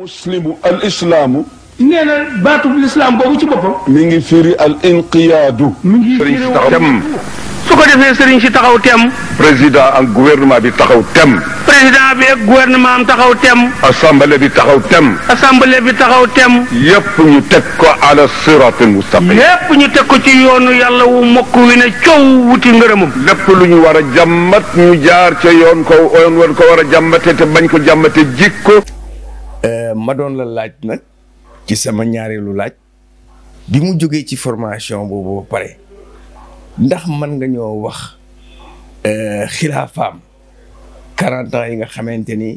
مسلم الاسلام نينا باتو الاسلام بوبو سي بوبو ميغي فيري الانقياد سوكو ديفي سيرين سي تاخاو تيم بريزيدان ان غوفرنمان بي تاخاو تيم بريزيدان بي اك غوفرنمان تاخاو تيم اسامبلي بي تاخاو تيم اسامبلي بي تاخاو تيم ييب ني تك كو على الصراط المستقيم ييب ني تك كو سي يونو يالا و موك وي تيو ووتي ngeureum لپ لو ني وارا جامات ني جار تي يون كو اون وون كو وارا جامات تي بان كو جامات جيكو Euh, ma doon la laaj nag ci sama ñaareelu laaj bi mu jógee ci formation boobu ba pare ndax man nga ñoo wax euh, xilaafaam quarante ans yi nga xamante ni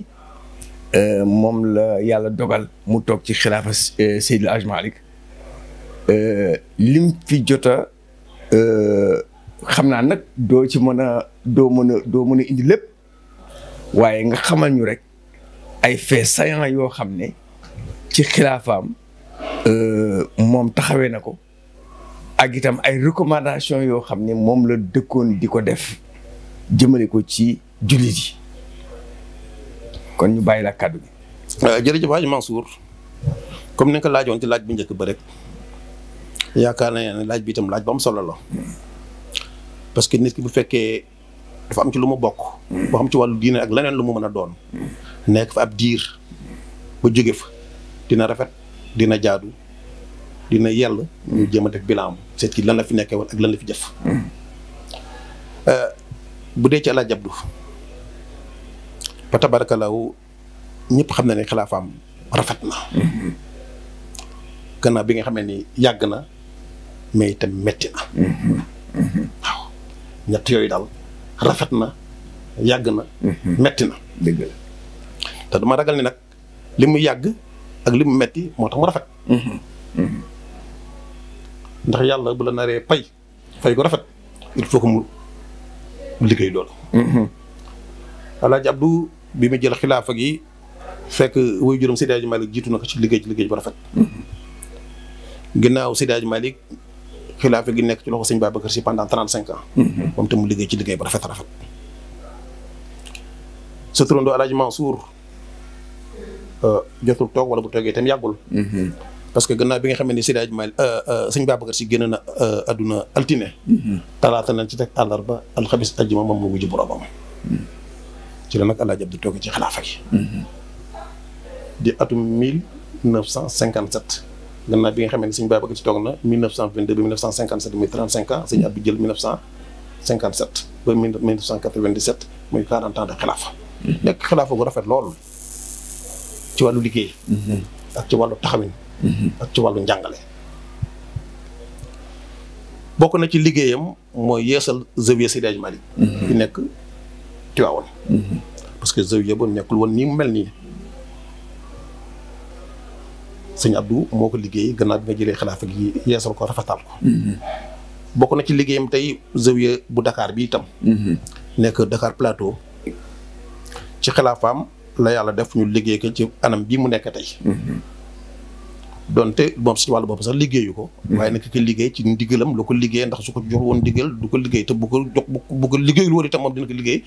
euh, moom la yàlla dogal mu toog ci xilaafa Seydil Hadj Malick lim fi jota xam naa nag doo ci mën a doo mën a doo mën a indi lépp waaye nga xamal ñu rek ay faits saillants yoo xam ne ci xilaafaam euh, moom taxawee na ko ak itam ay recommandations yoo xam ne moom la dëkkoon di ko def jëmale ko ci jullit yi kon ñu bàyyi la kàddu gi. Euh, jërëjëf Hadj Mansour comme ni nga ko laajoon ci laaj bu njëkk ba rek yaakaar naa ne laaj bi itam laaj ba mu solo la parce que nit ki bu fekkee dafa am ci lu mu bokk. boo xam ci wàllu diine ak leneen lu mu mën a doon. nek fa ab dir bu joge fa dina rafet dina jaadu dina yell ñu jema def bilan ki lan la fi nekkee won ak lan la fi jëf eh, bu dee ci àla jabdu ba tabarakallahu ñepp xamna ni khilafam rafet na gannaaw bi nga xamé ni yag na mais tam metti na ñatt yoy dal rafet na yag na metti na dama ragal ne nag li mu yàgg ak li mu metti moo tax mu rafet. ndax yàlla bu la naree pay fay ko rafet il faut mu liggéey loolu. Alaaji Abdu bi mu jël xilaafa gi fekk wuyu juróom Seydi Hadji Malick jiitu ko ci liggéey ci liggéey bu rafet. ginnaaw Seydi Hadji Malick xilaafa gi nekk ci loxo sëñ Babacar Sy pendant trente cinq ans. Mhm. mu liggéey ci liggéey bu rafet rafet. sa turandoo Alaaji Mansour Euh, jotul toog wala bu toogee itam yàggul. Mhm. parce que gannaaw bi nga xam ne Seydi Hadji Malick euh, euh, sëñ Babacar Sy génn na àdduna altine. Mhm. talaata nañ ci teg àllarba alxamis àjjuma moom mu wujj boroomam. Mhm. ci la nag El Hadj Abdou toogee ci xilaafa gi. di atum mille neuf cent cinquante sept. gannaaw bi nga xam ne sëñ Babacar Sy toog na mille neuf cent vingt deux ba mille neuf cent cinquante sept muy trente cinq ans sëñ Abdou jël mille neuf cinquante sept ba mille neuf cent quatre vingt dix sept muy quarante ans de xilaafa. nekk xilaafa gu rafet lool. ci wàllu liggéey. Mhm. ak ci wàllu taxawin. Mhm. ak ci wàllu njàngale. bokk na ci liggéeyam mooy yeesal zawiya Seydi Hadji Malick di mhm. nekk Tiwaawoon. parce que zawiya ba nekkul woon nii mu mel nii. sëñ Abdou moo ko liggéey gannaaw bi nga jëlee xilaafa yi yeesal ko rafetal ko. bokk na ci liggéeyam tey zawiya bu Dakar bi itam. nekk Dakar Plateau. ci xilaafaam la yàlla def ñu liggéey ka ci anam bii mu nekk tey. Mhm. donte moom si wàll bopp sax liggéeyu ko. Mhm. waaye nag ki liggéey ci ndigalam la ko liggéey ndax su ko jox woon ndigal du ko liggéey te bu ko jox bu ko liggéeyul woon itam moom dina liggéey.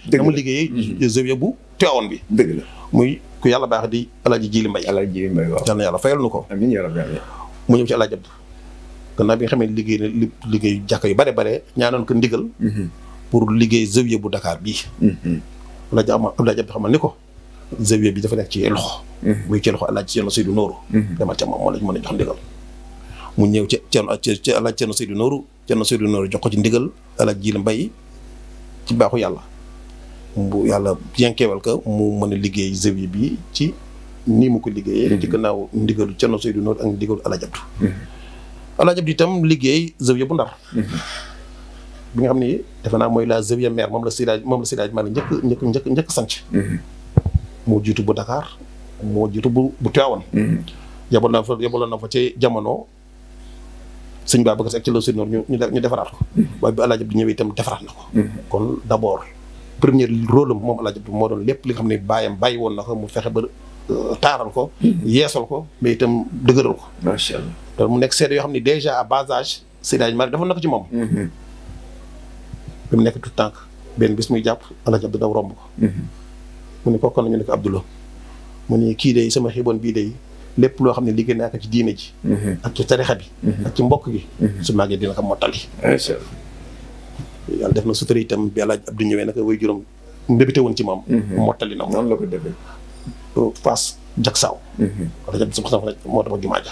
Mhm. bu teewoon bi. dëgg muy ku yàlla baax di El Hadj Jili Mbaye. El Hadj Jili yàlla fayal nu ko. amiin yàlla fayal mu ñëw ci El Hadj bi nga liggéey na li liggéey jàkka yu bare bare ñaanoon ko ndigal. pour liggéey zawiya bu Dakar bii. El Hadj Abdou xamal ni ko zawiya bi dafa nekk ci loxo mhm. muy ci loxo alaaji Cerno Seydou Nooru mhm. demal ca moom moo la mën a jox ndigal mu ñëw ca Cerno ci alaaji Cerno Seydou Nooru Cerno Seydou Nooru jox ko ci ndigal alaaji ji la mbay ci baaxu yàlla bu yàlla yankeewal ka mu mën a liggéey zawiya bi ci nii mu ko liggéeyee mhm. ci gannaaw ndigalu Cerno Seydou Nooru ak ndigalu alaaji Abdu alaaji itam liggéey zawiya bu ndar bi nga xam ne defe naa mooy la zawiya mère moom la Seydi moom la Seydi Maalik njëkk njëkk njëkk njëkk moo jiitu bu Dakar moo jiitu bu bu Tiwaawan. Mm-hmm. yabal na fa yabaloon na fa ci jamono sëñ Babacar Sy ak ci la Senghor ñu ñu defaraat ko. Mm-hmm. waaye bi El Hadj Abdou ñëwee itam defaraat na ko. Mm-hmm. kon d' abord premier rôle am moom El lépp li xam ne bàyyam bàyyi woon na ko mu fexe ba euh, taaral ko. yeesal ko mais itam dëgëral ko. allah te mu nekk seede yoo xam ne dèjà à bas âge Seydi Hadji na ko ci moom. mu nekk tout tànk benn bis muy jàpp El Hadj Abdou daw romb ko. mu ne kooku la ñu ne ko Abdoulaye mu ne kii day sama xiboon bii day lépp loo xam ne liggéey naa ko ci diine ji. Mhm. ak ci tarixa bi. Mhm. ak ci mbokk gi. Mhm. su màggee dina ko mottali. incha allah yàlla def na sutura itam bi El Hadj ñëwee naka way juróom mbébite woon ci moom. mottali na ko. noonu la ko defee. Euh, Fass jak saaw wala jag moo tax jumaa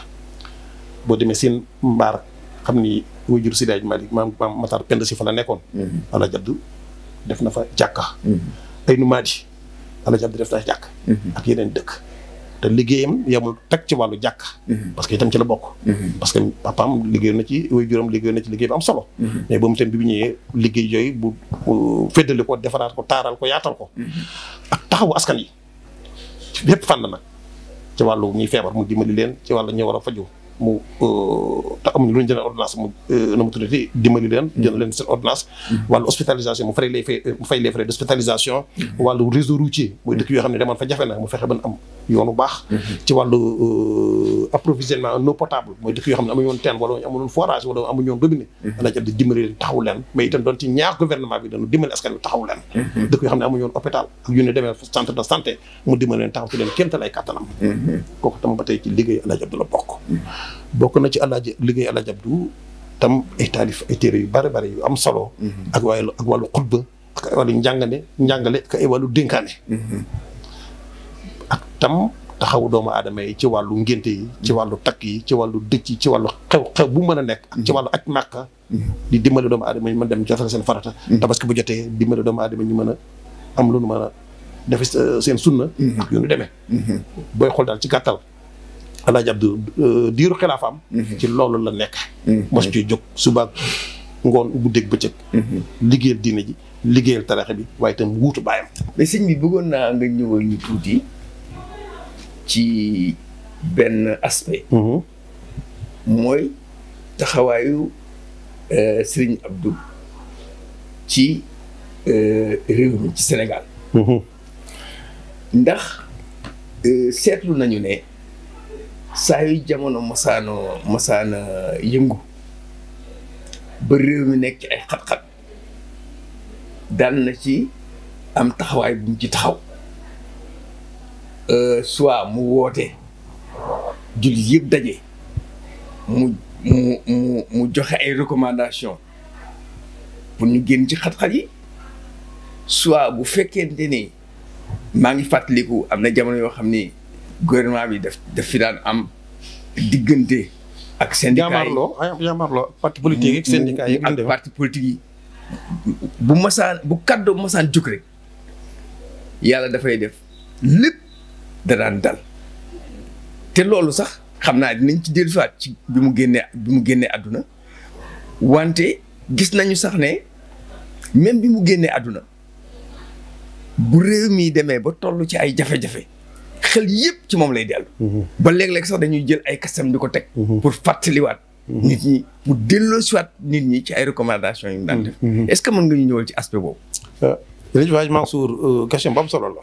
boo demee seen mbaar xam ni way si daaj Malick maam maam Matar Penda si fa la nekkoon. wala jaddu def na fa jàkka. ay numaadi. Alaaji Abdou def na jàkk mhm. ak yeneen dëkk te liggéeyam yamul teg ci wàllu jàkk mhm. parce que itam ci la bokk mhm. parce que papaam liggéey na ci way juróom liggéey ci liggéey bi am solo mais ba mu tam bi bu ñëwee liggéey jooy bu féddali ko defaraat ko taaral ko yaatal ko ak taxawu askan yi bépp fànn nag ci wàllu ñuy feebar mu dimbali leen ci wàllu ñu war a faju mu euh, ta amuñu lu ñu jënd ordonnance mu euh, nu mu tuddati dimbali leen. jënd mm. leen seen ordonnance. wàllu hospitalisation mu fay les fay euh, mu fay les frais d'hospitalisation. Mm. wàllu réseau routier. mooy dëkk yoo xam ne demoon fa jafe na mu fexe ba am. yoonu baax mhm. ci wàllu euh, approvisionnement en eau potable mooy dëkk yoo xam ne amuñu woon teen wala amuñu woon forage wala amuñu woon robinet mhm. ana jam di dimbali leen taxaw leen mais itam doon ci ñaax gouvernement bi dañu dimbali askan bi taxaw leen mhm. dëkk yoo xam ne amuñu woon hôpital ak yu ne demee centre de santé mu dimbali taxaw ci leen kéemtal ay kàttanam kooku tam ba tey liggéey la bokk bokk na ci Alaaji liggéey tam ay taalif ay yu bari bari yu am solo ak waaye ak wàllu xutba ak ay wàllu njàngale njàngale ak wàllu dénkaane tam taxaw doomu adama yi ci walu ngenté yi ci mm. walu tak yi ci walu dëcc ci walu xew-xew bu mëna nek mm. ci walu acc makka mm. di dimbali doomu adama yi mëna dem jotal seen farata ta parce que bu jotté dimbali doomu adama yi mëna am lu mëna def seen sunna ak yu nu demee mm-hmm. booy xool daal ci gattal ala jabdu euh, diru khilafam mm-hmm. ci loolu la nek mm-hmm. mos ci jog suba ngon ngoon deg bëccëg ligéel diiné ji ligéel tarax bi waaye tam wutu bayam mais seigne bi bëggon na nga ñëwal ñu tuti ci benn aspect. Mhm. mooy taxawaayu euh, Serigne Abdou ci euh, réew mi ci Sénégal. Mhm. ndax euh, seetlu nañu ne saa yu jamono masaano masaana yëngu ba réew mi nekk ay xat-xat daan na ci am taxawaay bu mu ci taxaw. Euh, soit mu woote jullit yëpp daje mu mu mu joxe ay recommandation pour ñu génn ci xat-xat yi soit bu fekkente ni maa ngi fàttaliku am na jamono yoo xam ni gouvernement bi daf daf fi daan am diggante. ak syndicat yi jaamarloo jaamarloo parti politique ak syndicat yi ak parti politique yi bu masaan bu kàddoo masaan jóg rek yàlla dafay def lépp. da dal te loolu sax xam naa dinañ ci dellusiwaat ci bi mu génnee bi mu génnee àdduna wante gis nañu sax ne même bi mu génnee àdduna bu réew mi demee ba tollu ci ay jafe-jafe xel yëpp ci moom lay dellu. Mhm. ba léeg-léeg sax dañuy jël ay kasam di ko teg. Mhm. pour fàttaliwaat. Mhm. nit ñi pour delloosiwaat nit ñi ci ay recommandations yu mu daan def. est-ce que mën nga ñu ñëwal ci aspect boobu. Euh, jërëjëf Hadj Mansour euh, question bu am solo la.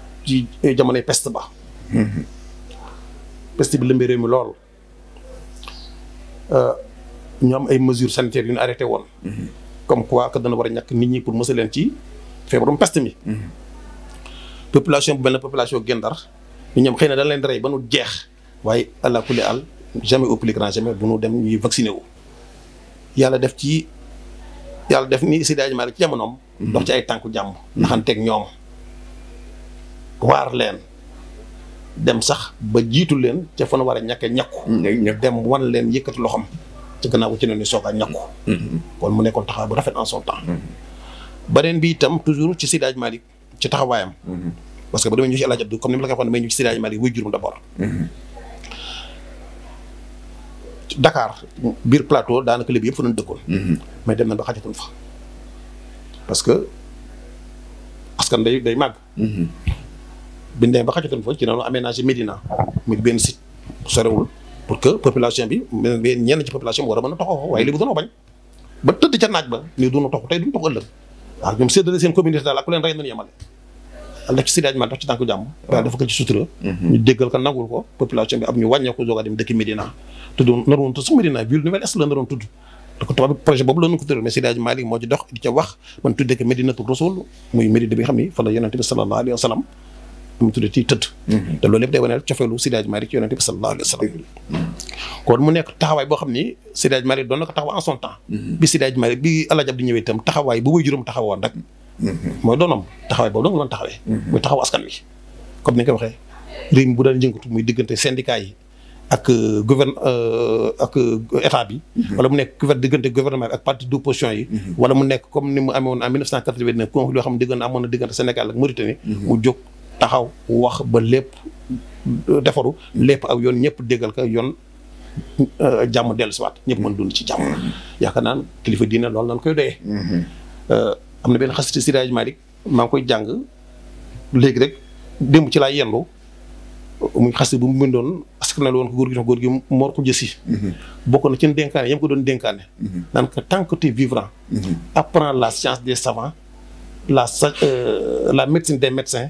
ci jamonoy peste ba. Mhm. peste bi lëmbee réew mi lool euh, ñu am ay mesures sanitaires yu ñu arrêté woon. Mhm. comme quoi que dana war a ñàkk nit ñi pour mos leen ci feebarum peste mi. Mhm. population bu mel ne population Gendar ñu ñoom xëy na dañ leen rey ba nu jeex waaye allah kulli al jamais au plus grand jamais bu nu dem ñuy vacciné wu. yàlla def ci yàlla def ni Seydi Hadji Malick ci jamonoom. ndox ci ay tànku jàmm. naxanteeg ñoom. waar leen dem sax ba jiitu leen ca fan war a ñàkke ñakku dem wan leen yëkkati loxam ci gannaaw ci noonu soo a ñakku mm-hmm. kon mu nekkoon taxawaay bu rafet en son temps mm-hmm. beneen bi itam toujours ci Seydi Hadji ci taxawaayam mm-hmm. parce que ba damay ñu ci El Hadji Abdou comme ni ma la ko biir plateau daanaka léegi yëpp fa doon dëkkoon mais dem nañ ba xajatuñ fa parce que askan day day màgg bi ñu demee ba xajatuñ fa ci noonu aménagé Médina muy benn site sorewul pour que population bi ñenn ci population bi war a ba tëdd ca naaj waaye dafa ko ci sutura mhm. ñu déggal ko Médina ville nouvelle est la naroon tudd da ko tubaab projet boobu la ñu ko tëral mais Seydi Malick moo ci dox ca wax man tuddee ko Médinatul Rasul muy Médina bi xam ni fa la yonente bi wa sallam nu mu tuddati tëdd mhm. te loolu lépp a wane cofeelu Sidaaj Malick ci yonente bi sallallahu alayhi wa sallam kon mu nekk taxawaay boo xam ni Sidaaj Malick doon na ko taxaw en son temps mhm. bi Sidaaj Malick bi El Hadj Abdou ñëwee itam taxawaay bu way juróom taxawoon rek mhm. mooy doonam taxawaay boobu dong doon taxawee muy taxaw askan wi comme ni nga ko waxee bu daan jëngatu muy diggante syndicat ak euh, gouverne euh, ak euh, état bi wala mu nekk gouvernement ak parti d'opposition yi wala mu nekk comme ni mu amee woon en 1989 conflit yoo xam diggante Sénégal ak Mauritanie mu jóg taxaw wax ba lépp defaru lépp ak yoon ñëpp dégal ko yoon euh, jàmm dellusiwaat ñëpp mën dund ci jàmm yaakaar naan kilifa diine loolu lañ koy doyee mhm. euh, am na benn xasiti Siraj Malik maa ngi koy jàng léegi rek démb ci laa yendu muy xasiti bu mu bindoon parce que na woon ko góor gi tax góor gi moor ko jësi mhm. bokk na ci dénkaane yam ko doon dénkaane mhm. naan que tant que tu es vivant la science des savants la euh, la médecine des médecins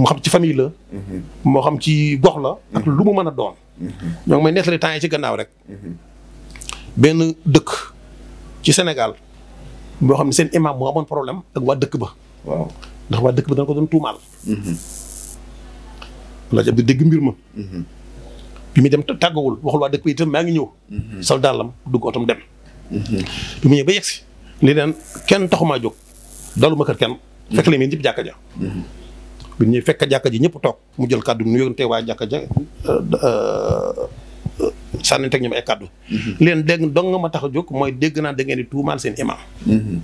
moo xam ci famille la. moo xam ci gox la. ak lu mu mën a doon. ñoo ngi may nettali temps yi ci gannaaw rek. benn dëkk ci Sénégal boo xam ne seen imam moo amoon problème ak waa dëkk ba. waaw ndax waa dëkk ba dana ko doon tuumaal. la jab di dégg mbir ma. bi muy dem tàggawul waxul waa dëkk bi itam maa ngi ñëw. sol dàllam dugg otom dem. bi mu ñëw ba yegsi li naan kenn taxumaa jóg daluma kër kenn fekk leen yéen ñëpp jàkka ja. bi ñuy fekk ji ñëpp toog mu jël kàddu nuyoonte waa jàkka ja euh, sànnante ak ñoom kàddu mm-hmm. leen dégg dong nga ma tax a jóg mooy dégg naa da ngeen di tuumaal seen mm-hmm.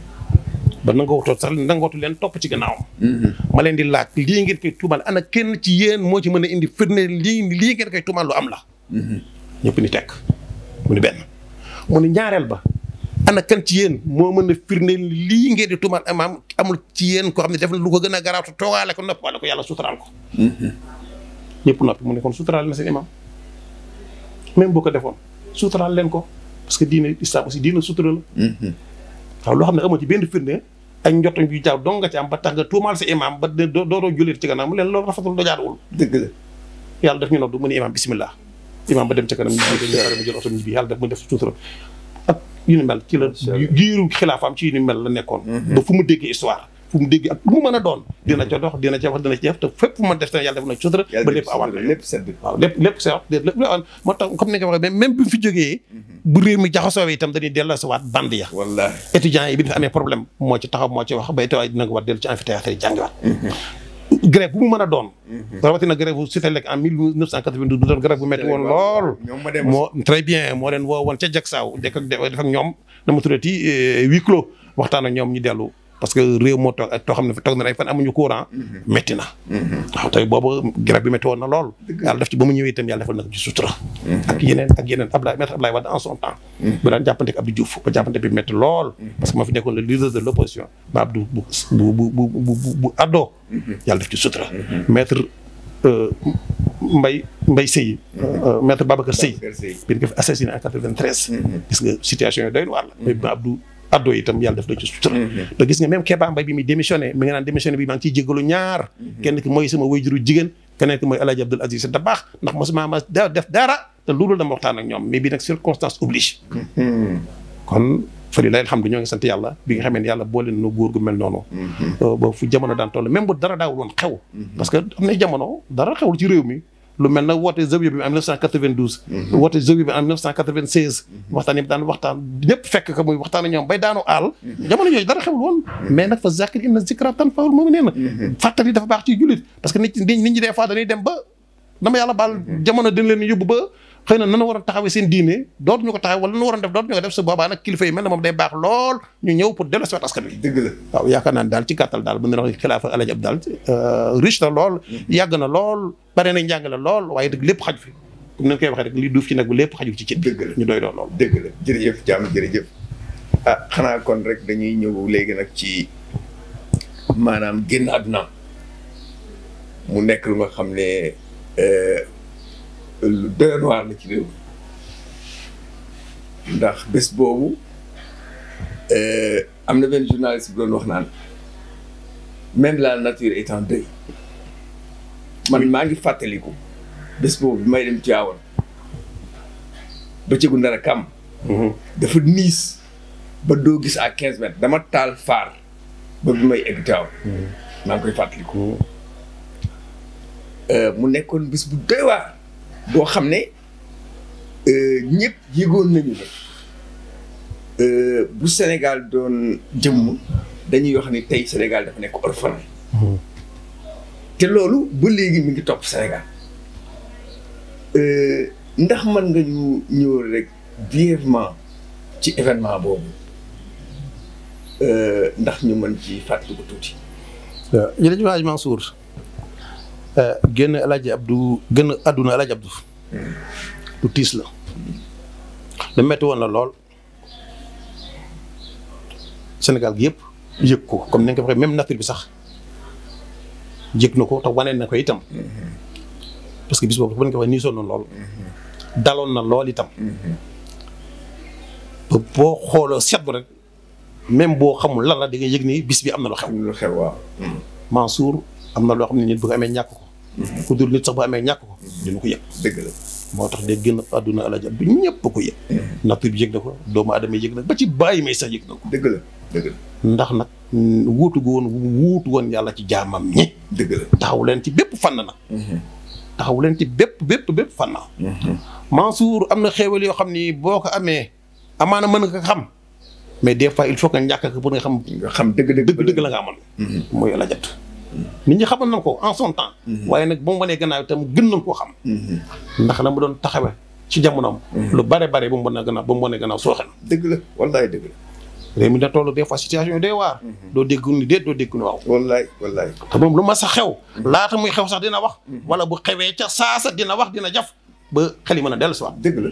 ba na nga wutoo sax leen topp ci gannaawam mm-hmm. ma leen di laaj lii ngeen koy tuumaal kenn ci yéen moo ci mën indi firnde lii lii ngeen koy tuumaal lu am la ñëpp ni tek mu benn mu ñaareel ba ana kan ci yéen moo mën a firnde lii ngeen di tuumaal imam amul ci yéen koo xam ne def na lu ko gën a garaaw te toogaale ko noppi ko yàlla suturaal ko. ñëpp noppi mu ne kon suturaal na seen imam même boo ko defoon suturaal leen ko parce que diine islam aussi diine sutura la. waaw loo xam ne amoo ci benn firnde ak njottam yu jaaw dong nga ci am ba tax nga tuumaal sa imam ba doo doo jullit ci gannaaw leen loolu rafetul doo jaaduwul. dëgg la yàlla daf ñu noddu mu ne imam bismillah imam ba dem ca kanam yàlla daf mu def sutura. yu ni mel ci la giiru xilaafam ci yu la nekkoon mhm. ba fu mu déggee histoire fu mu ak lu mu a doon dina mhm. ca dox dina ca wax dina ca def te ma def te na sutura ba lépp awaan comme ni waxee même bi fi jógee mhm. bu réew mi jaxasoo itam dañuy delloo si waat band ya étudiants yi bi ñu fi amee problème moo ci taxaw moo ci wax ba étudiants yi dina ko war dellu ci amphithéâtre yi jàngiwaat grève bu mu mën a doon. Mhm. rawatina grève bu Cité Lek en mille neuf cent quatre-vingt-douze doon grève bu métti woon lool. moo très bien moo leen woo woon ca Jaksaaw def ak ñoom dama tuddati eh, huis clos waxtaan ak ñoom ñu dellu. parce que réew moo toog ak xam ne toog na ay fan amuñu courant. métti mhm. na. Mhm. tey boobu grève bi métti na lool. yàlla def ci ba mu ñëwee itam yàlla defal na ko ci sutura. Mhm. ak yeneen ak yeneen Ablaye maître Ablaye Wade en son temps. bu daan jàppante ak Abdou Diouf ba jàppante bi métti lool. parce que moo fi nekkoon le leader de l' opposition. ba Abdou bu bu bu yàlla def ci sutura. maître euh, Mbaye Mbaye Seye. Euh, maître Babacar Seye. bi ñu ko fi assassiné en situation yooyu doy na waar la. mais addoo itam yàlla daf la ci sutura te mhm. gis nga même Kéba Mbaye bi muy démissionné mi nga naan démissionné bi maa ngi ciy ñaar mhm. kenn ki mooy sama wayjuru jigéen keneen ma def dara te loolu da waxtaan a ñoom mais bi nag circonstance oblige mhm. kon fële lay alhamdu ñoo ngi sant yàlla bi nga xamee yàlla boole nu góor gu mel noonu euh, ba fu jamono daan toll même bu dara daawul woon xew parce que am na jamono dara xewul ci réew mi lu mel na woote zawiya bi en 1992. Mhm. woote zawiya bi en 1996. Mhm. waxtaan yëpp mhm. jamono yooyu dara xewul woon. mais nag fa zakir inna zikra tanfa'ul mu'minin. fàttali dafa baax ci parce que nit ñi nit ñi dem ba dama yàlla baal jamono dina leen yóbbu ba. xëy na nanu war a seen diine dootuñu ko taxawee wala nanu waroon def dootuñu ko def su boobaa nag kilifa yi mel na moom lool ñëw pour dellu siwaat askan wi dëgg la waaw yaakaar naa daal ci gàttal daal bu ñu daal euh, riche lool mm-hmm. yàgg na lool bare na njàng lool waaye dëgg lépp xaj fi comme nañ koy waxee rek li duuf ci nag lépp xaju ci cin dëgg la ñu doy lool lool dëgg la jërëjëf jàmm jërëjëf ah xanaa kon rek dañuy ñëw léegi nag ci maanaam génn àdduna mu nekk lu nga xam ne euh, lu doy waar la ci réew mi ndax bés boobu eh, am na benn journaliste bu doon wax naan même la nature est en man maa ngi fàttaliku bés boobu bi may dem Tivaouane bëccëgu ndara kam mhm. dafa niis ba doo gis à quinze dama taal faar ba bi may egg Tivaouane mhm. maa ngi koy fàttaliku mhm. eh, mu nekkoon bés bu doy waar boo xam ne euh, ñëpp yëgoon nañu ne euh, bu Sénégal doon jëmm dañuy wax ni tey Sénégal dafa nekk orphelin mm-hmm. te loolu ba léegi mi ngi topp Sénégal euh, ndax mën nga ñu ñëw rek brièvement ci événement boobu ndax ñu mën ci fàttali ko tuuti. jërëjëf Hadj Mansour génn El Hadj Abdou génn àdduna El Hadj lu tiis la lu metti woon lool Sénégal gi yëpp yëg ko comme ni nga ko waxee même nature bi sax yëg na ko te wane na ko itam parce que bis boobu dafa ko waxee nii sonn na lool daloon na lool itam boo xooloo seetlu rek même boo xamul lan la di nga yëg ni bis bi am na loo xew. lu xew waaw. Mansour am na loo xam ne nit bu amee ñàkk ko. ku dul nit sax bu amee ñàkk ko dina ko yëg dëgg moo tax de génn àdduna alaaj bi ñëpp ko yëg nature na ko doomu aadama yëg na ba ci bàyyi may sax yëg na ko dëgg la ndax nag mm, wuutu gu woon wuutu woon yàlla ci jaamam ñi dëgg taxaw leen ci bépp fànn na mhm. taxaw leen ci bépp bépp bépp fànn na mhm. Mansour am na xéewal yoo xam ni boo ko amee amaana mën nga xam mais des fois il faut que ñàkk ko pour nga xam xam dëgg dëgg la nga amoon mhm. mooy la jot nit ñi xamal na ko en son temps. Mhm. waaye nag ba mu wanee gannaaw itam gën nañ koo xam. Mhm. ndax la mu doon taxawee ci jamonoom. Mhm. lu bare bare ba mu wanee gannaaw ba mu wanee gannaaw sooxe na. dëgg la wallaay dëgg la. réew mi da toll des fois situation yi day waar. doo dégg ni déet doo dégg ni waaw. wallaay te moom lu ma sa xew. laata muy xew sax dina wax. wala bu xewee ca saasa dina wax dina jaf. ba xel yi mën a dellu si waat. dëgg la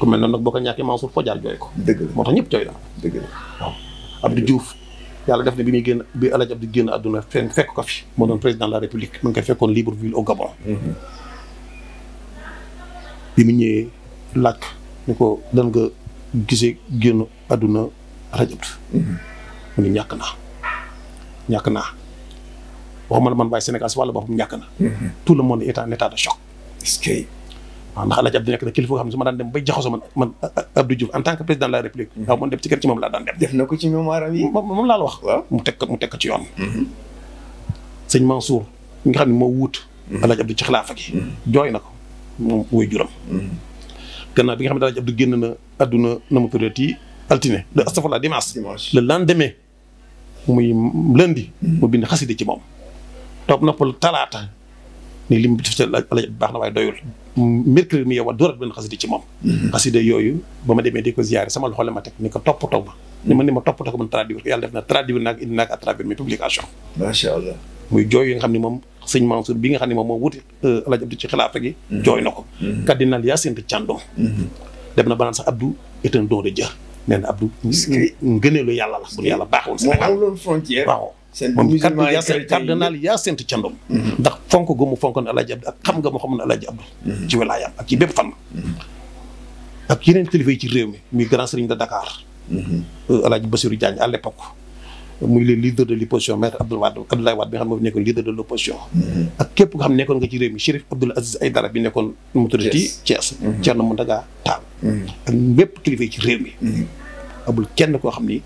ku mel noonu nag boo ko ñàkkee Mansour foo jaar jooy ko. dëgg la moo tax ñëpp jooy la. dëgg la yàlla def na bi muy génn bi El Hadj Abdou génn àdduna fenn fekk ko fi moo doon président de la république mu ngi koy fekkoon Libreville au Gabon. Mm-hmm. bi mu ñëwee làkk ni ko dan nga gisee génn àdduna a Hadj Abdou. Mm-hmm. mu ni ñàkk naa ñàkk naa waxuma la man waaye Sénégal si wàllu boppam ñàkk na. Mm-hmm. tout le monde est en état de waaw ndax Alaaji Abdou nekk na kilifa ma daan dem bay jaxasoo man man Abdou Diouf en tant que mm-hmm. moom laa na ko ci mémoire yi moom wax mu teg ko ci yoon mm-hmm. sëñ Mansour mi xam ne moo wuut mm-hmm. Alaaji Abdou ci xilaafa gi jooy na ko moom woy bi nga xam ne Alaaji génn na àdduna na mu tuddee yi altine de astafurlah dimanche le lendemain muy lundi mu bind xaside ci moom toog noppal talaata ni lim def ci alaj baax na waaye doyul mercredi mi yow wa doorat benn xasida ci moom mhm. xasida yooyu ba ma demee di ko ziyaare sama loxo la ma teg ni ko toppatoo ma ni ma ni ma toppatoo ko man traduire ko ne moom sëñ Mansour bi nga xam ne moom moo wuti euh, alaj abdu ci xilaafa gi mhm. jooy na ko cardinal mhm. na banaan sax Abdou est un don de Dieu nee na Abdou ngëneelu yàlla la bu nu yàlla baaxoon Sénégal waaw moom cardinal Hyacinthe Thiandoum mhm. ndax fonk gu mu fonkoon Alaaji Abdu ak xam nga mu xamoon Alaaji Abdu mhm. ci wilaayam ak ci bépp fan mhm. ak yeneen kilifa ci réew mi muy grand sëriñ de Dakar euh, Alaaji Bassirou Diagne à l'époque muy le leader de l'opposition maître Abdoul Wade Abdoulaye Wade bi nga xam ne moo nekkoon leader de l'opposition ak képp nga ci réew mi Chérif Abdoul Aziz Aïdara bi nekkoon mu tudd ci Thiès Thierno ak bépp kilifa yi ci réew mi amul kenn koo xam ni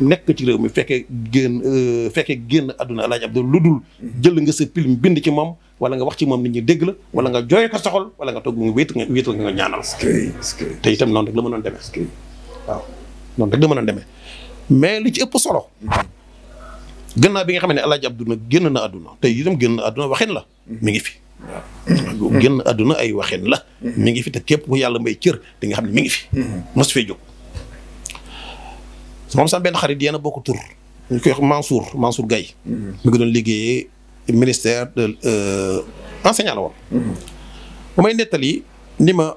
nekk ci réew mi fekkee génn euh, fekkee génn àdduna alaaji abdou lu dul jël nga sa film bind ci moom wala nga wax ci moom nit ñi dégg la wala nga jooy ta soxal wala nga toog mu ngi wéet nga wéetal nga ñaanal te itam noonu rek la mënoon demee waaw noonu rek la mënoon demee mais li ci ëpp solo gannaaw bi nga xam ne alaaji abdou nag génn na àdduna tey itam génn na àdduna waxin la mi ngi fi waaw àdduna ay waxin la mi ngi fi te képp ku yàlla may cër di nga xam ne mi ngi fi mm-hmm. mos fee jóg mom sama ben xarit yena bokku tour ñu koy wax Mansour Mansour gay mi mm-hmm. ngi doon liggéey ministère de euh enseignant la won bu mm-hmm. may netali ni ma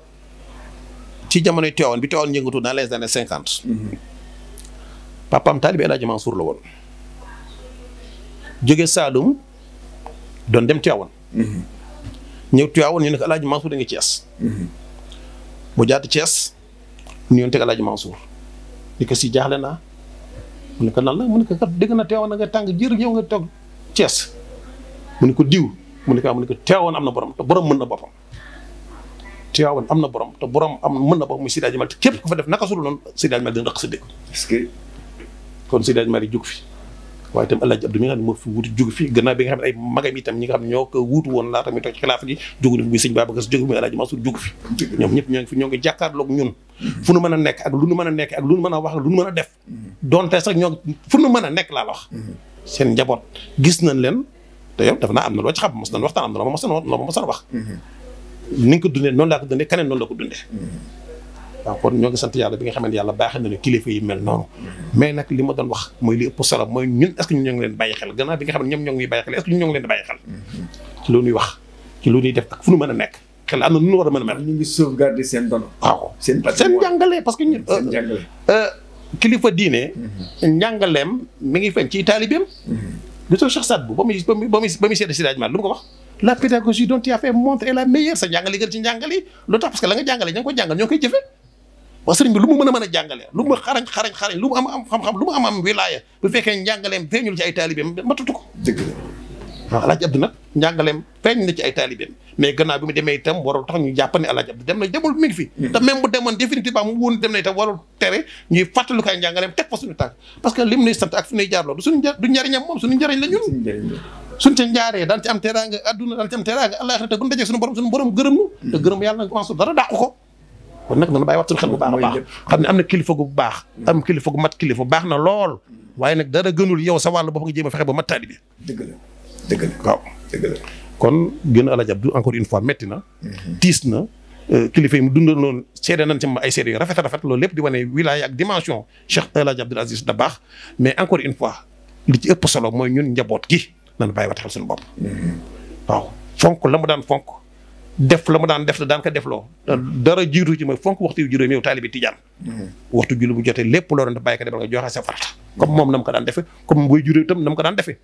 ci jamono Tiwaawan bi Tiwaawan yëngatu dans les années cinquante mm-hmm. papa am talibé Hadji Mansour la won jogé saloum doon dem Tiwaawan ñew Tiwaawan ñu ne ko El Mansour da nga ci Thiès mu jatt ci Thiès ñu ñu El Hadji Mansour ni si jaaxle naa mu ne ko na la mu ne ko kat dégg na teewoon na nga tàng jër yow nga toog Cees mu ne ko diw mun ne ko mu ne ko teewoon am na borom te borom mën na boppam teewoon am na borom te borom am mën na boppam mu Seydi Hadji Malick te képp ku fa def naka sulu noonu Seydi Hadji Malick dina rëq sa dégg. est que kon Seydi Hadji Malick jug fi. waaye itam alaaji Abdou mi nga xam ne moo fi wutu jóg fi gannaaw bi nga xam ne ay magam itam ñi ñoo ko wuutu woon laata muy toog ci xilaafa gi na nu a nekk nu mën a nekk a wax ak lu a def donte sax ñoo fu mën a nekk laa wax seen njaboot gis nañ leen te yow dafa am na loo ci xam mos nañ waxtaan am na loo ma mos a ma mos wax ni ko dundee noonu laa ko dundee keneen noonu la ko dundee waaw kon ñoo ngi sant yàlla bi nga xamante yàlla baaxee na ne kilifa yi mel noonu mais nag li ma doon wax mooy li ëpp solo mooy ñun est-ce que ñun ñoo ngi leen bàyyi xel gannaaw bi nga xam ne ñoom ñoo ngi bàyyi xel est-ce que ñun ñoo ngi leen bàyyi xel ci lu ñuy wax ci lu ñuy def ak fu nu mën a nekk xel am na nu nu war a mën a mel ñu ngi sauvegarder seen dono waaw seen seen njàngale parce que ñun euh, euh, kilifa diine mm-hmm. njàngaleem mi ngi feeñ ci taalibeem lu mm-hmm. tax Cheikh Saad bu ba muy ba muy ba muy seede si daaj ma lu mu ko wax la pédagogie dont tu as fait montre est la meilleure sa njàngale gën ci njàngale yi lu tax parce que la nga jàngale ña ngi ko jàngal ñoo koy jëfee ba sëriñ bi lu mu mën a mën lu mu xarañ xarañ xarañ lu mu am am xam-xam lu mu am am wilaya bu fekkee njàngaleem feeñul ci ay taalibeem ma tutuko dëgg la waaw alaaj abdu nag njàngaleem feeñ na ci ay taalibeem mais gëna bi mu démé itam warul tax ñu japp ne alaaj abdu dem na demul mi ngi fi hmm. ta même bu demoon définitivement mu wóon dem na itam warul téré ñuy fatalu kay ay tek fa suñu tak parce que lim nuy sant ak suñu nuy jaarloo suñu du ñariñam mom suñu ñariñ la ñun suñu ci ñaaré daan ci am téranga aduna daan ci am téranga allah te bu ndaje suñu borom suñu borom gërëm nu hmm. te gërëm yàlla na dara dàqu ko kon nag nanu bàyyi waxtu xel bu baax a xam ne am na kilifa gu baax am kilifa gu mat kilifa baax na lool waaye nag dara gënul yow sa wàllu bopp nga jéem a fexe ba mat taalibe dëgg la dëgg la waaw dëgg la kon génn Alaaji Abdou encore une fois métti na mhm. tiis na euh, kilifa yi mu dundal loon seede nañ ci ma ay seede yu rafet rafet loolu lépp di wane wilaaya ak dimension Cheikh Alaaji Abdoul Aziz baax mais encore une fois li ci ëpp solo mooy ñun njaboot gi nan bàyyi waxtu xel suñu bopp mhm. waaw fonk la mu daan fonk def la ma daan def te daan ko defloo hmm. dara jiitu ci mooy fonk waxtu yu juróom yow taalibi tijaan hmm. waxtu julli bu jotee lépp loo doon bàyyi ko demal nga joxe sa farata comme hmm. moom na mu ko daan defe comme booy juróom ko daan defe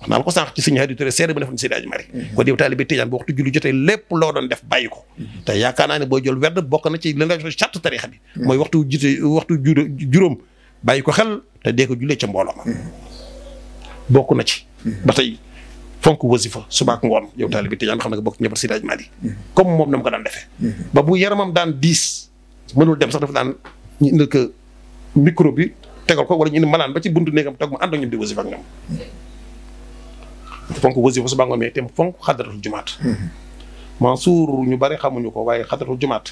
wax naa la ko sànq ci sëñ Hadi Touré seede bu defoon sëñ Hadi Mari kon waxtu julli jotee lépp loo doon def bàyyi ko te yaakaar naa ne booy jël werd bokk na ci li nga charte tarixa bi mooy waxtu jite waxtu juróom bàyyi ko xel te dee ko jullee ca mbooloo bokk na ci ba fonk wasifa subaak ngoon yow taalibi tijaan xam ne bokk ñëpp si daaj maali comme moom na mu ko daan defee mm-hmm. ba bu yaramam daan diis mënul dem sax dafa daan ñu indil ko wala ñu indi malaan ba ci buntu néegam toog mu ànd ak ñoom di wasifa ak ñoom mm-hmm. fonk wasifa subaak ngoon mais itam fonk xadaratul jumaat mm-hmm. Mansour ñu bari xamuñu ko waaye xadaratul jumaat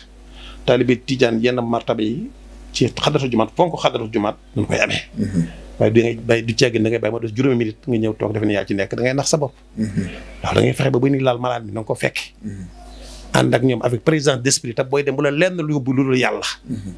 taalibi tijaan yenn marta yi ci xadaratul jumaat fonk xadaratul jumaat dañ koy amee waaye di ngay bay du ciegal da ngay bay ma do juroomi minute nga ñew tok def ni ya ci nek da ngay nax sa bop ndax mhm. da ngay fexé ba bu ñuy laal malade nang ko fekk and mhm. ak ñom avec présence d'esprit ta boy dem bu la lenn lu yóbbu loolu yàlla mhm.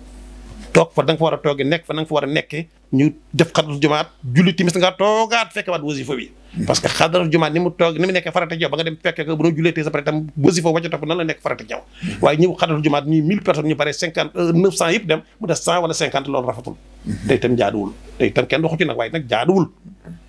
tok fa da nga fa wara togi nek fa nang fa wara nek ñu def xadarul jumaat julli timis nga togaat fekk wat wasifa bi parce que xadarul jumaat ni mu toog ni mu nek farata jaw ba nga dem fekk ko bu do julle te sa paratam tam wasifa top nan la nek farata jaw way ñu xadarul jumaat ñuy 1000 personnes ñu bare 50 900 yep dem mu da 100 wala 50 lool rafatul te itam jaaduwul te itam kenn waxu ci nag waaye nag jaaduwul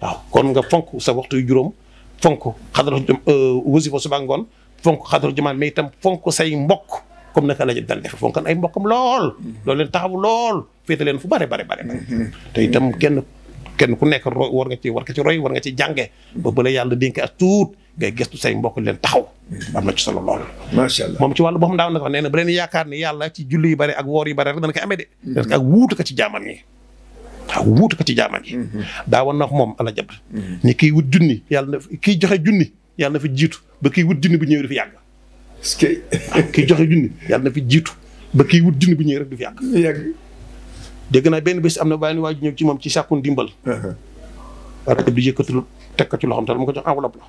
waaw kon nga fonk sa waxtu juróom fonk xadara euh, wasifa suba ngoon fonk xadara jumaan mais itam fonk say mbokk comme naka la daan def fonkan ay mbokkam lool loolu leen taxaw lool féete leen fu bare bare bare te itam kenn kenn ku nekk war nga ci war nga ci roy war nga ci jànge ba bala yàlla dénk ak tuut ngay gestu say mbokk leen taxaw am na ci solo lool macha allah moom ci wàllu boppam daaw na ko nee na bu leen yaakaar ni yàlla ci julli yu bëri ak woor yu bëri rek dana koy amee de mm-hmm. parce que ak wuutu ko ci jaamam yi wuutu ko ci jaamam yi mm-hmm. daawoon na moom ala jab mm-hmm. ni kii wut junni yàlla na kii joxe junni yàlla na fi jiitu ba ki wut junni bu ñëwee du fi yàgg ah, kii joxe junni yàlla na fi jiitu ba kii wut junni bu ñëwee rek du fi yàgg dégg naa benn bés am na bàyyi ni waa ñëw ci moom ci sàkkun dimbal uh-huh. wala jab teg ko ci loxoom te mu ko jox enveloppe la.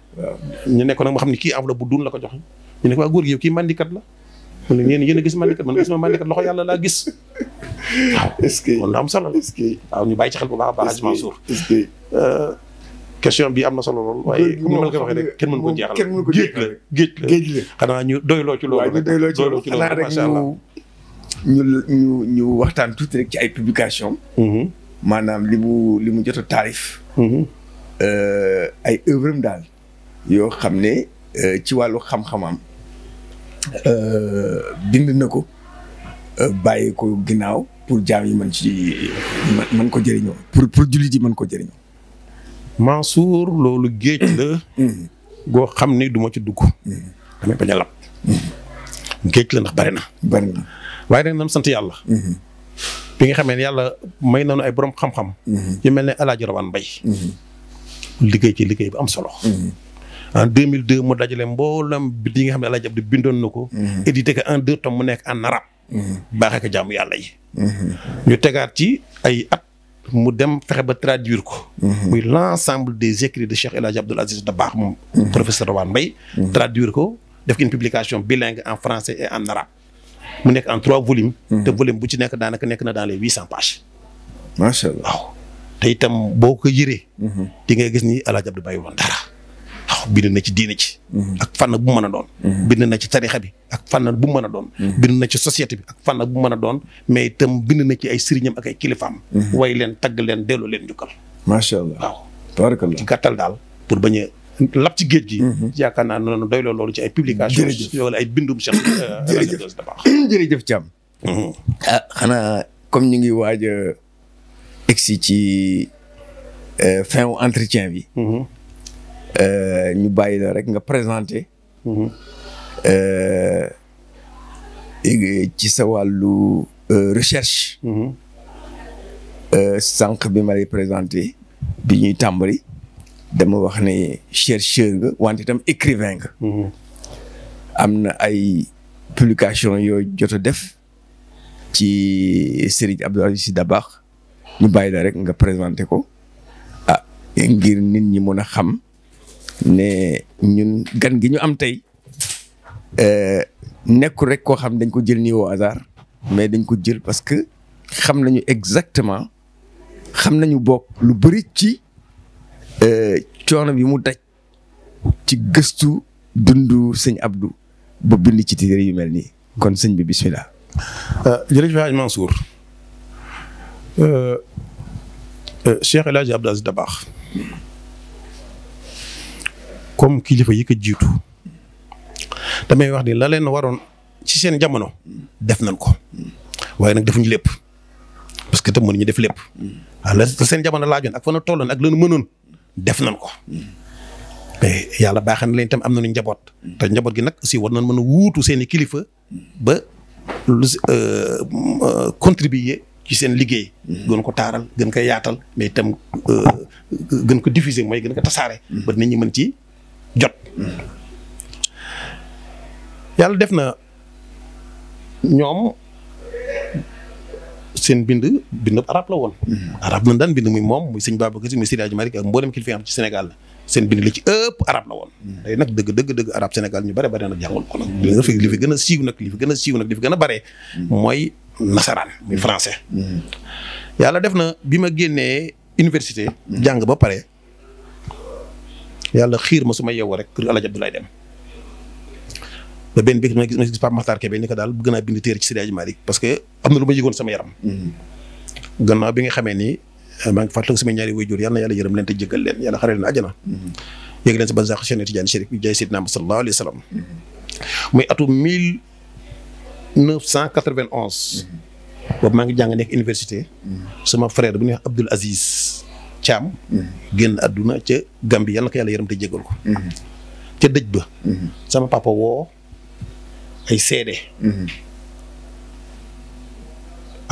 ñu nekk nag ma xam ne kii enveloppe bu dun la ko joxe ñu ne ko waa góor gi yow mandikat la. mu ne gis mandikat man ma mandikat loxo yàlla laa gis. waaw est am solo la est ñu bàyyi ci xel bu baax a baax. est-ce que euh, bi am na solo lool. waaye comme ma la ko waxee rek kenn mënu ko jeexal kenn mënu ko jeexal géej la ñu doyloo ci loolu. waaw ñu doyloo ci loolu xanaa rek ñu ñu ñu ñu waxtaan tuuti rek ci ay publication mm-hmm. maanaam li mu li mu jot a taarif mm-hmm. Euh, ay œuvre daal yoo xam ne euh, ci wàllu xam-xamam euh, bind na ko bàyyi ko ginnaaw pour jaam yi man ci mën ko jëriñoo pour pour jullit yi mën ko jëriñoo. Mansour loolu géej la. Mm-hmm. goo xam ne duma ci dugg. Mm-hmm. damay bañ lab. Mm-hmm. géej la ndax bari na. bari na waaye nag nañ sant yàlla. bi nga xamee yàlla may nañu ay borom xam-xam. yu mel ne El Hadj Rawane Mbaye liggéey ci liggéey bu am solo. Mm-hmm. en 2002 mu dajale mboolam bind yi nga xam ne El Hadj Abdou bindoon na ko. Mm-hmm. édité ko en deux tomes mu nekk en arabe. Mm-hmm. baaxee ko jaamu yàlla yi. ñu tegaat ci ay at mu dem fexe ba traduire ko. muy l' ensemble des écrits de Cheikh El Hadj Abdoul Aziz Dabakh moom. professeur Wane Mbaye. traduire ko def ko une publication bilingue en français et en arabe. mu nekk en trois volumes. te volume bu ci nekk daanaka nekk na dans les huit cent pages. macha allah te itam boo ko yëree. Mhm. di nga gis ni El Hadj Abdou bàyyi woon dara. bind na ci diine ci. Mhm. ak fan na bu mën a doon. Mhm. bind na ci tarixa bi ak fànn bu mën a doon. bind na ci société bi ak fànn bu mën a doon mais itam bind na ci ay sëriñam ak ay kilifaam. way leen tagg leen delloo leen njukkal. macha allah waaw. tabaarakallah ci gàttal daal pour bañ a lap ci géej gi. yaakaar naa noonu doy loo loolu ci ay publication jërëjëf wala ay bindum Cheikh. Euh, jërëjëf jërëjëf ci ah xanaa comme ñu ngi waaj egsi ci euh, fin wu entretien bi. Mm-hmm. Euh, ñu bàyyi la rek nga présenté. Mm-hmm. Euh, ci sa wàllu recherche. Mm-hmm. sànq bi ma lay présenté bi ñuy tàmbali dama wax ni chercheur nga wante itam écrivain nga. am na ay publication yoo jot a def ci Serigne Abdou Aziz Sy Dabakh ñu bàyyi la rek nga présenté ko ah ngir nit ñi mën a xam ne ñun gan gi ñu am tey euh, nekkul rek koo xam dañ ko jël nii au hasard mais dañ ko jël parce que xam nañu exactement xam nañu bokk lu bëri ci euh, coono bi mu daj ci gëstu dundu sëñ abdu ba bind ci téere yu mel ni kon sëñ bi bismillah euh, jërëjëf Mansour Euh, euh, Cheikh Elhadji Hadj Abdou Aziz Dabakh comme kilifa yi ko jiitu damay wax ni la len waroon ci sen jamono def nañ ko waye nak defuñu lepp parce que tam ñu def lepp waaw ah, sen jamono la laajoon ak fa na tolloon ak lañu mënon def nañ ko mais yalla baax leen tam amna ñu njabot te njabot gi nak aussi war nañ mëna a sen kilifa ba euh, euh contribuer ci seen liggéey. gën ko taaral gën ko yaatal mais itam euh, gën ko diffuser mooy gën ko tasaare. ba nit ñi mën ci jot. yàlla def na ñoom seen bind bind arab la woon. arab lañ daan bind muy moom muy sëñ Babacar Si muy Seydi Hadji Malick ak mboolem kilifa am ci Sénégal la. seen ci ëpp arab woon. tey nag dëgg dëgg dëgg arab Sénégal ñu bare bare nag jàngul ko nag. li fi gën a siiw nag li gën a siiw nag li gën a bare. Hmm. mooy. nasaraan di mm. français mm. yàlla def na bima ma génnee université mm. jang ba paré yalla xir ma suma yow rek kër El lay dem ba ben bik ma gis ma gis Pape Makhtar Kébé ni ko daal bëgg bind téré ci Seydi malik parce que amna luma lu sama yaram gëna bi nga xamé ni eh, ma ngi fàttaliku sama ñaari wayjur yalla yalla yàlla len te jëgal len yalla xare leen aljana yegg len ci barsàq Cheikh Tidiane cheikh bi jay sidna Muhammad sallallahu alayhi wasallam muy atum 1000 1991 boobu maa ngi jàng nekk université sama frère bu ñuy wax Aziz Thiam génn àdduna ca Gambie yàlla na ko yàlla yërëm te jégal ko ca dëj ba sama papa woo ay seede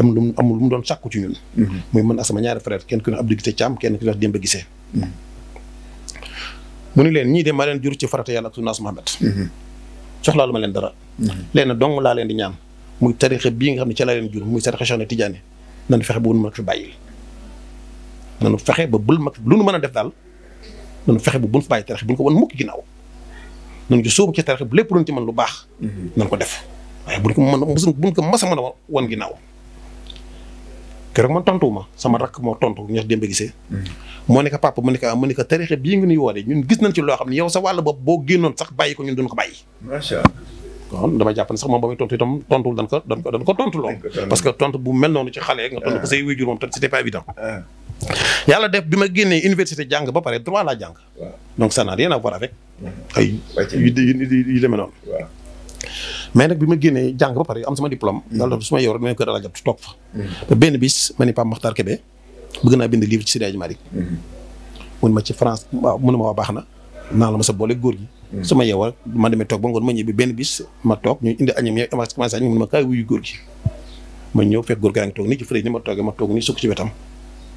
am lu am lu mu doon sàkku ci ñun muy man ak sama ñaari frère kenn ku ne Abdou Gissé Thiam kenn ku ne Demba Gissé mu ni leen ñii de maa jur ci farata yàlla ak sunnaas Muhammad soxlaalu ma leen dara. leen dong laa leen di ñaan muy tarixa bii nga xam ne ci laa leen jur muy tarixa Cheikh Tidiane nañu fexe ba wun ma fi bàyyil nañu fexe ba bul mag lu nu mën a def daal nañu fexe ba buñ fi bàyyi tarixa bu ko wan mukk ginnaaw nañu ci sóobu ci tarixa bi lépp luñ ci mën lu baax mhm. nañ ko def waaye buñ ko mën buñ ko mas a mën a wan ginnaaw keroog man tontuwuma sama rakk moo tontu ñax démb gisee. moo ne ko papa mu ne ko mu ne bii nga ñuy woowee ñun gis nañ ci loo xam ne yow sa wàll bopp boo génnoon sax bàyyi ko ñun duñ ko tontuwul dañ ko tontu loo. parce que tontu bu mel noonu ci xale nga tontu ko say ah. waajur moom c'était pas évident. Ah. yàlla def bi ma génnee université jàng ba pare droit laa jàng. donc ça n'a rien à voir avec. Mm-hmm. ay yu noonu. mais nag bi ma génnee jàng ba pare am sama diplôme. daal mhm. dafa su ma yow rek ma ko daal a jot topp. te benn bis ma ni Pape mhm. ma ci France waaw mun baax na naa la ma sa boole góor gi. Mhm. su ma yeewal ma demee toog ba ngoon ma ñibbi benn toog ñu indi añam yeeg avance commencé añam mun ma kaay wuyu toog ci fële ni ma toogee ma toog nii sukk ci wetam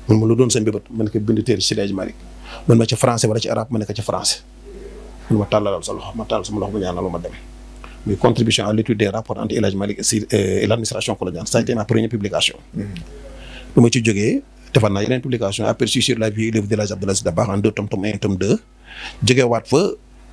mun ma lu ma ne ko bind téere Seydi Hadji Malick ma ci français wala ci arabe ma ne ko ci français mun ma tàllalal sa loxo ma tàllal sama loxo bu ñaanal ma dem mes contributions à l'étude des rapports entre El Hadj et l'administration coloniale ça a été ma première publication. bu suis dit, il y a une publication aperçu sur la vie et l'œuvre de Dabar en deux Aziz en deux tomes tome un tome deux jógewaat fa.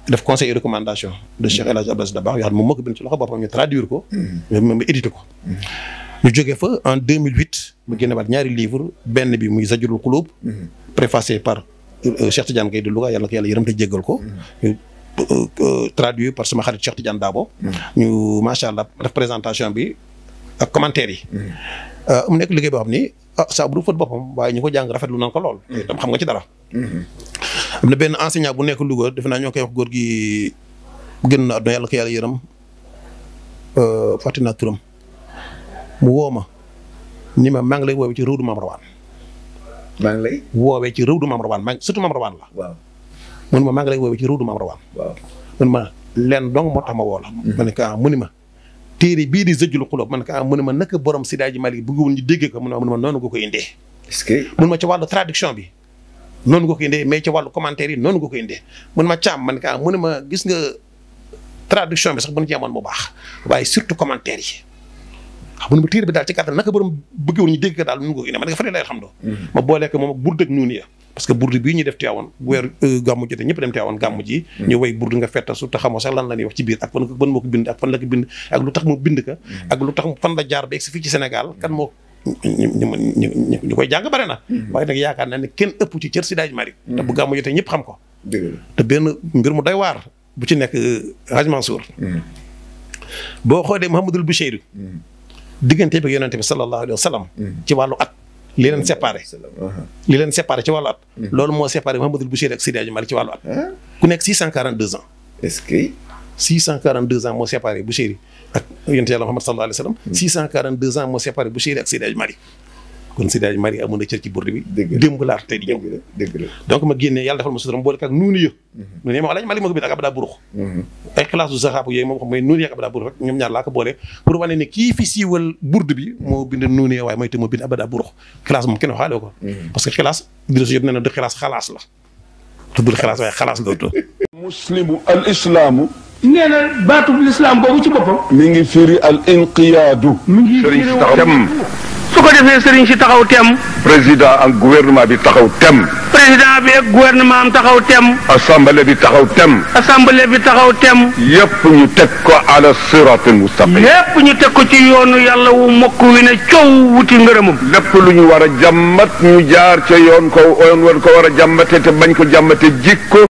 def conseil et recommandation de Cheikh El Hadj Abdoul Aziz Dabakh yoo xam ne moom ko je ci me traduire ko. Mm-hmm. moom éditer édité ko. Mm-hmm. ñu jógee fa en 2008 mu génnewaat ñaari livre Ben bi muy Zajrul club, mm-hmm. préfacé par euh, Cheikh Tidiane Gaye de Louga yàlla ko yàlla yërëm te jéggal ko. Euh, traduit par sama xarit Cheikh Tidiane Dabo hmm. ñu macha allah représentation bi ak commentaire yi hmm. euh, mu nek liguey bo xamni ni ah sa bu du bopam way ñu ko jang rafetlu nan hmm. tam xam nga ci dara amna ben enseignant bu nek lugo def na ñokay wax gor gi gën na àdduna yàlla ko yalla yeeram euh fatina turam mu woma ma ni ma mang lay wowe ci rewdu mamrawan mang lay wowe ci rewdu mamrawan mang surtout mamrawan la waaw mun ma maa ngi lay woowee ci ruudu maam rawaam. waaw mun ma leen dong moo tax ma woo la. Hmm. ma ne ko ah, ma. téere bii di zëjjul xulóob ma ne ko ah ma naka borom Sida ji Malick bëggoon ñu déggee ko mu ne ma noonu nga ko indee. que mun ma ci wàllu traduction bi. noonu nga ko indee mais ci wàllu yi noonu nga ko indee mun ma caam ma ne ko ah ma gis nga traduction bi sax bu ñu jéemoon bu baax waaye surtout commentaire yi. waaw ah, mu ma téere bi daal ci gàttal naka borom bëggoon ñu dégg ko daal noonu nga ko indee ma ne ko fa lay alhamdulilah. Hmm. ma booleeg moom ak bur dëgg parce que burdu bii ñu def teewoon bu weer euh, gàmmu jotee ñëpp dem teewoon gàmmu ji mm. ñu way burdu nga fettasu te xamoo sax lan la ñuy wax ci biir ak fan ban moo ko bind ak fan la ko bind ak lu tax mu bind ka mm. ak lu tax fan la jaar ba egsi fii ci Sénégal kan moo ñu koy jàng bare na mm. waaye nag yaakaar naa ne kenn ëpp ci cër si daaj mari te bu gàmmu jotee ñëpp xam ko te benn mbir mu doy waar bu ci nekk euh, Haj Mansour boo xoolee Mouhamadul Boucheyri diggante bi yonente bi sallallahu alayhi wa sallam ci wàllu at li leen séparé li leen séparé ci wàllu mhm. loolu moo séparé Mouhamadoul Bachir ak Seydi Hadji Malick ci wàllu at ah. ku nekk 642 ans est-ce que 642 ans moo séparé Bachir ak yonent yàlla Muhammad sallallahu alayhi wa sallam 642 mhm. ans moo séparé Bachir ak Seydi Hadji kon Seydi Hadji Malick amoon na cër ci burdi bi démb la tey di ñëw donc ma génnee yàlla defal ma suturam boole ak nuunu yë mhm. nuunu moom Alaaji moo ko bind Abada Burux mhm. ay classe du zaxaab yooyu moom xam mooy nuunu ko boole bi moo bind nuunu waaye mooy te moo bind Abada Burux classe moom kenn waxaale ko mhm. parce que classe Idrissa Diop nee na du classe xalaas la tuddul xalaas waaye xalaas la tudd muslimu al islaamu nee na baatub lislaam ci boppam ko defee sëriñ si taxaw tem. président ak guvernement bi taxaw tem. président bi ak gouvernement am taxaw tem. assemblée bi taxaw tem. assemblée bi taxaw tem. yépp ñu teg ko ala siratul mustaqim. yépp ñu teg ko ci yoon yàlla wu mokk wi ne coow wuti ngërëmam. lépp lu ñu war a jàmmat ñu jaar ca yoon ko yoon war ko war a jàmmatee te bañ ko jàmmatee jikko